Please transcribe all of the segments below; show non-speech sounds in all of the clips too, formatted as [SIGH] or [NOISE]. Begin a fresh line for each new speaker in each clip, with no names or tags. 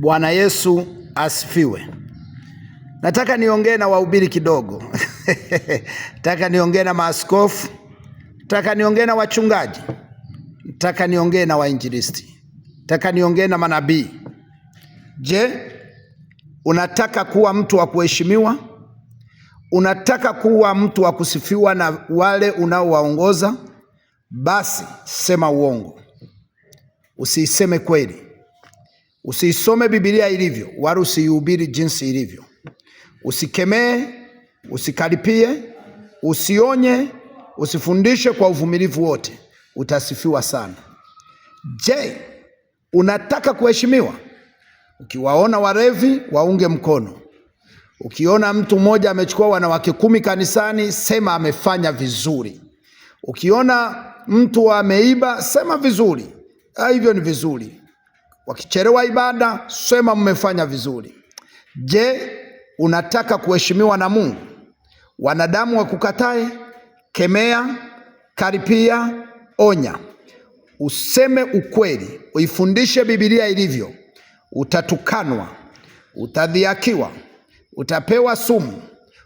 Bwana Yesu asifiwe. Nataka niongee na wahubiri kidogo [LAUGHS] nataka niongee na maaskofu, nataka niongee na wachungaji, nataka niongee na wainjilisti, nataka niongee na manabii. Je, unataka kuwa mtu wa kuheshimiwa? Unataka kuwa mtu wa kusifiwa na wale unaowaongoza? Basi sema uongo, usiiseme kweli. Usiisome Biblia ilivyo wala usiihubiri jinsi ilivyo. Usikemee, usikaripie, usionye, usifundishe kwa uvumilivu wote, utasifiwa sana. Je, unataka kuheshimiwa? Ukiwaona walevi waunge mkono. Ukiona mtu mmoja amechukua wanawake kumi kanisani, sema amefanya vizuri. Ukiona mtu ameiba, sema vizuri, ah, hivyo ni vizuri. Wakichelewa ibada, sema mmefanya vizuri. Je, unataka kuheshimiwa na Mungu? Wanadamu wakukatae, kemea, karipia, onya. Useme ukweli, uifundishe Biblia ilivyo. Utatukanwa, utadhiakiwa, utapewa sumu,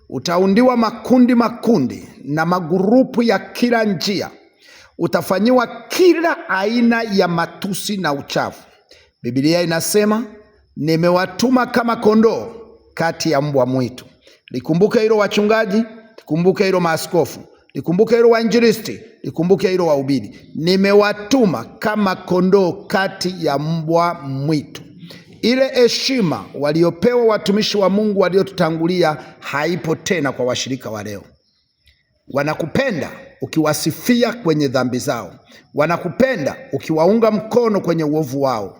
utaundiwa makundi makundi na magurupu ya kila njia, utafanyiwa kila aina ya matusi na uchafu. Biblia inasema nimewatuma kama kondoo kati ya mbwa mwitu. Likumbuke hilo wachungaji, likumbuke hilo maaskofu, likumbuke hilo wainjilisti, likumbuke hilo wahubiri. Nimewatuma kama kondoo kati ya mbwa mwitu. Ile heshima waliopewa watumishi wa Mungu waliotutangulia haipo tena kwa washirika wa leo. Wanakupenda ukiwasifia kwenye dhambi zao, wanakupenda ukiwaunga mkono kwenye uovu wao,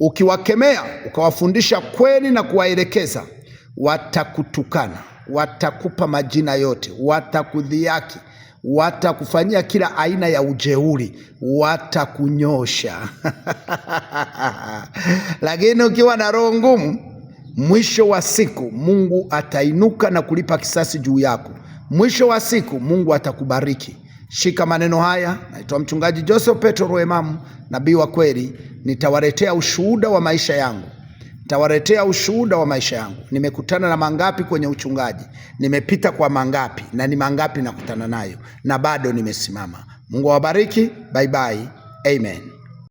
ukiwakemea ukawafundisha kweli na kuwaelekeza. Watakutukana, watakupa majina yote, watakudhiaki, watakufanyia kila aina ya ujeuri, watakunyosha [LAUGHS] lakini ukiwa na roho ngumu, mwisho wa siku Mungu atainuka na kulipa kisasi juu yako. Mwisho wa siku Mungu atakubariki. Shika maneno haya. Naitwa Mchungaji Joseph Petro Ruemamu, nabii wa kweli. Nitawaletea ushuhuda wa maisha yangu nitawaletea ushuhuda wa maisha yangu. Nimekutana na mangapi kwenye uchungaji, nimepita kwa mangapi na ni mangapi nakutana nayo, na bado nimesimama. Mungu awabariki. Bye bye, amen.